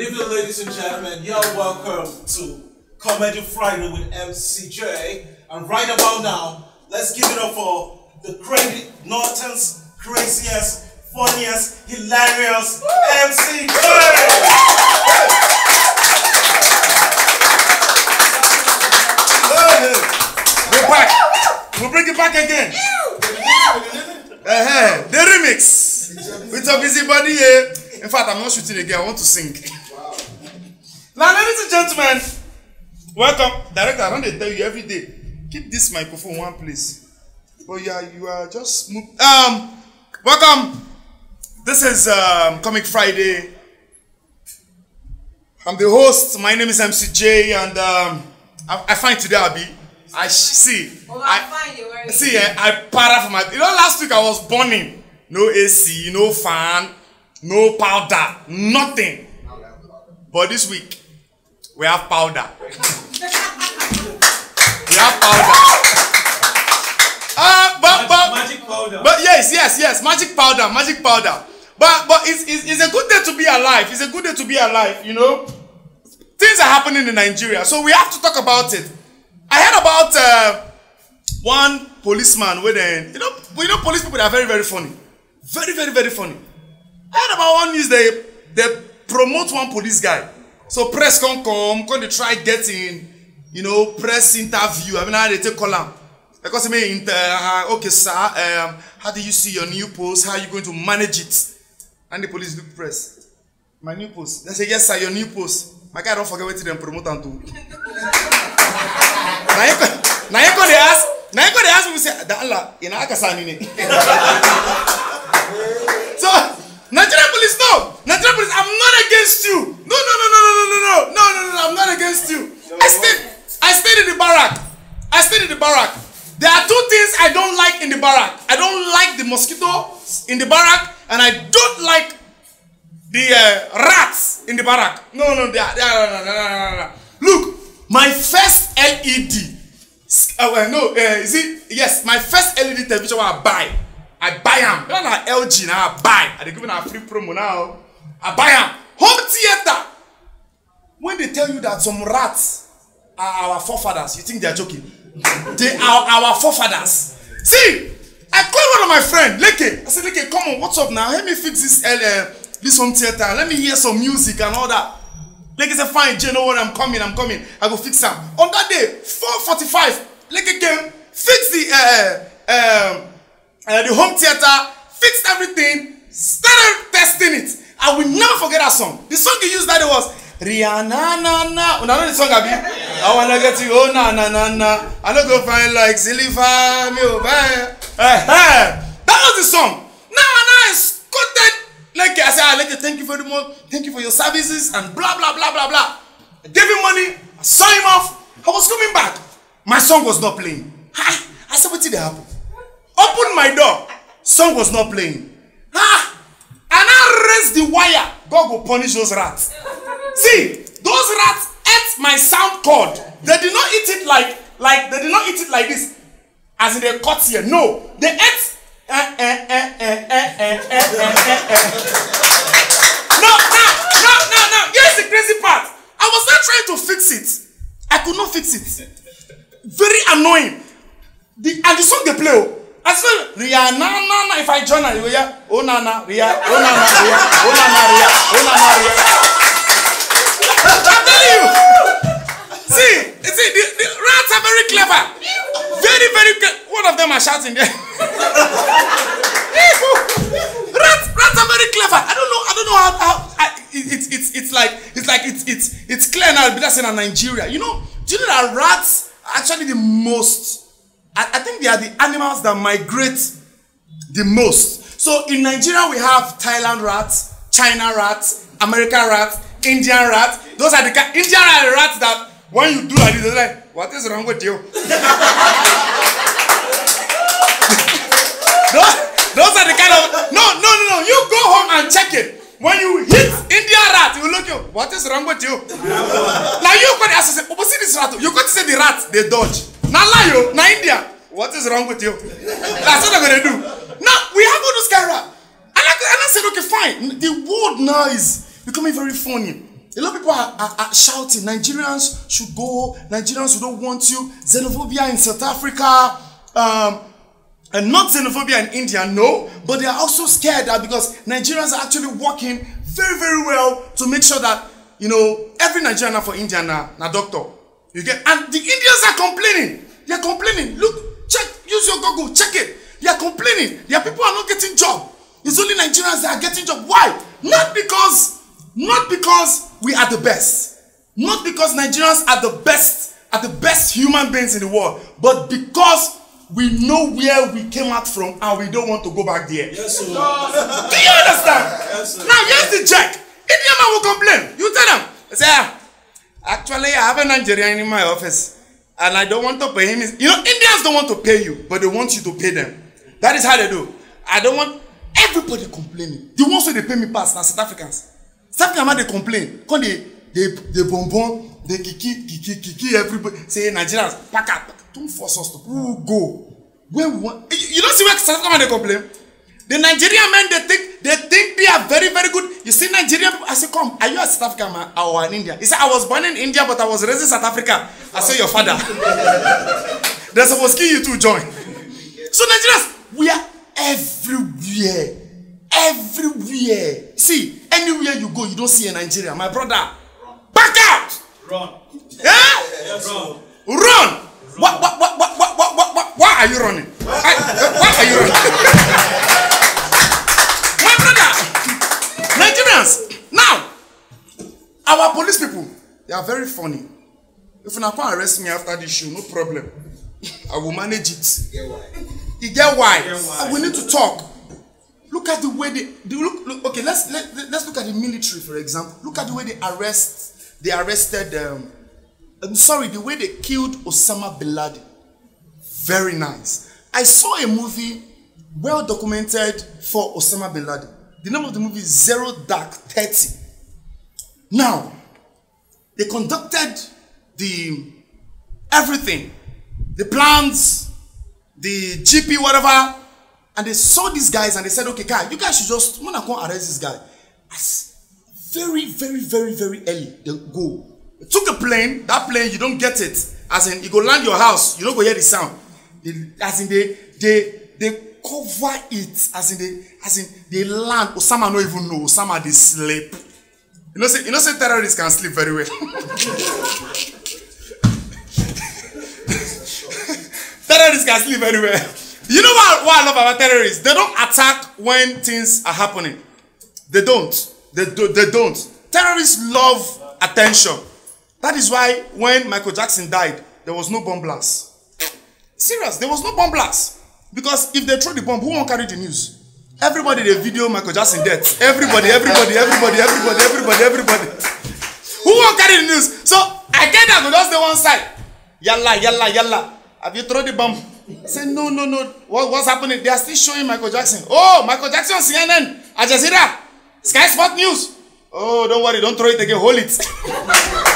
Good evening, ladies and gentlemen. You're welcome to Comedy Friday with MCJ. And right about now, let's give it up for the crazy, Norton's craziest, funniest, hilarious Woo! MCJ. We're back. We'll bring it back again. Uh-huh. The remix. With a busy body eh? In fact, I'm not shooting again. I want to sing. Now, ladies and gentlemen, welcome. Director, I don't tell you every day. Keep this microphone one place. But oh, yeah, you are just move. Um, welcome. This is um, Comic Friday. I'm the host. My name is MCJ, and um, I, I find today I'll be. I see. Well, oh, I, I find see. Yeah, I para for my. You know, last week I was burning. No AC, no fan, no powder, nothing. But this week, We have powder. we have powder. Uh, but, but, magic powder. But yes, yes, yes. Magic powder, magic powder. But but it's, it's, it's a good day to be alive. It's a good day to be alive, you know. Things are happening in Nigeria, so we have to talk about it. I heard about uh, one policeman with a you know you know police people are very very funny, very very very funny. I heard about one news they they promote one police guy so press come come come dey try get in you know press interview i mean how dey take call am because come mean inter uh, okay sir um, how do you see your new post how you going to manage it and the police look press my new post they say yes sir your new post my guy don forget wetin dem promote am to na him na him come dey ask na him come dey ask me say dala ina aka sa ne. Nigerian police, no! Nigerian police, I'm not against you! No, no, no, no, no, no, no, no, no, no, no, I'm not against you. I stayed, I stayed in the barrack. I stayed in the barrack. There are two things I don't like in the barrack. I don't like the mosquito in the barrack, and I don't like the uh, rats in the barrack. No, no, they are, they are, no, no, no, no, no. Look, my first LED. Uh, no, uh, is it? Yes, my first LED television I buy. I buy am. That na LG na I buy. I dey give una free promo now. I buy am. Home theater. When they tell you that some rats are our forefathers, you think they are joking? they are our forefathers. See, I call one of my friend, Leke. I said, Leke, come on, what's up now? Help me fix this uh, this home theater. Let me hear some music and all that. Leke said, fine, Jay, no worry, I'm coming, I'm coming. I go fix them. On that day, 4.45, Leke came, fix the uh, uh um, At the home theater fixed everything started testing it i will never forget that song the song he used that day was rihanna na na una oh, know the song abi i wan get you oh na na na na i no go find like silifa mi o bye eh, eh. that was the song na na is quoted like i say ah like thank you very much thank you for your services and blah blah blah blah blah i gave him money i saw him off i was coming back my song was not playing ha i say wetin dey happen opened my door song was not playing ah and i raised the wire god go punish those rats see those rats ate my sound cord they did not eat it like like they did not eat it like this as in they cut here no they ate eh, eh, eh, eh, eh, eh, eh, eh, eh. no no no no no here's the crazy part i was not trying to fix it i could not fix it very annoying the and the song dey play o I said, Ria, na, na, na, if I join her, you hear, oh, na, na, Ria, oh, na, na, Ria, oh, na, na, Ria, oh, na, na, Ria. I'm telling you. See, see, the, the rats are very clever. Very, very clever. One of them are shouting there. rats, rats are very clever. I don't know, I don't know how, how I, it, it's, it's like, it's like, it's, it's, it's clear now, that's in Nigeria. You know, do you know that rats are actually the most I, I think they are the animals that migrate the most. So in Nigeria, we have Thailand rats, China rats, American rats, Indian rats. Those are the Indian are the rats that when you do like this, they're like, what is wrong with you? those, those are the kind of no, no, no, no. You go home and check it. When you hit Indian rat, you look you, what is wrong with you? now you go to say, oh, this rat. You go to say the rat, they dodge na lie o na india what is wrong with you that's what i'm gonna do now we have all this guy rap and i and i said okay fine the word now is becoming very funny a lot of people are, are, are shouting nigerians should go nigerians who don't want you xenophobia in south africa um, and not xenophobia in india no but they are also scared that because nigerians are actually working very very well to make sure that you know every nigerian na for india na na doctor You get and the Indians are complaining. They are complaining. Look, check, use your Google, check it. They are complaining. Their people are not getting job. It's only Nigerians that are getting job. Why? Not because, not because we are the best. Not because Nigerians are the best, are the best human beings in the world, but because we know where we came out from and we don't want to go back there. Yes, sir. Do you understand? Yes, sir. Now here's the check. Indian man will complain. You tell them. Say, ah, Actually, I have a Nigerian in my office and I don't want to pay him. You know, Indians don't want to pay you, but they want you to pay them. That is how they do. I don't want everybody complaining. The ones who they pay me pass are South Africans. South Africans, they complain. Come they, they, they bonbon, they kiki, kiki, kiki, everybody. Say, Nigerians, pack up. Don't force us to go. Where we want. You, you don't see where South Africans, they complain? The Nigerian men, they take They think they are very, very good. You see Nigerian people, I say, come, are you a South African man or an Indian? He said, I was born in India, but I was raised in South Africa. I say, your father. They're supposed to kill you to join. So Nigerians, we are everywhere. Everywhere. See, anywhere you go, you don't see a Nigerian. My brother, back out! Run. Yeah? Yes, run. Run! run. What, what, what, what, what, what, what, why are you running? I, why are you running? are police people they are very funny if una come arrest me after this show no problem i will manage it e get why e get why we need to talk look at the way they, they look, look okay let's let, let's look at the military for example look at the way they arrest they arrested um, i'm sorry the way they killed osama bin laden very nice i saw a movie well documented for osama bin laden the name of the movie is zero dark thirty now They conducted the everything, the plans, the GP, whatever, and they saw these guys and they said, okay, guy, you guys should just wanna come arrest this guy. As very, very, very, very early, they go. They took a plane, that plane, you don't get it. As in, you go land your house, you don't go hear the sound. They, as in, they, they, they cover it. As in, they, as in, they land. Osama don't even know. Osama, they sleep. You know, say, you know, say terrorists can sleep very well. terrorists can sleep very well. You know what, what I love about terrorists? They don't attack when things are happening. They don't. They, do, they don't. Terrorists love attention. That is why when Michael Jackson died, there was no bomb blast. Serious, there was no bomb blast. Because if they throw the bomb, who won't carry the news? everybody dey video michael jackson death everybody everybody everybody everybody everybody everybody who wan carry the news so i get am go just dey one side yalla yalla yalla have you throw the bomb say no no no what what's happening they are still showing michael jackson oh michael jackson cnn al jazeera sky sport news oh don't worry don't throw it again hold it.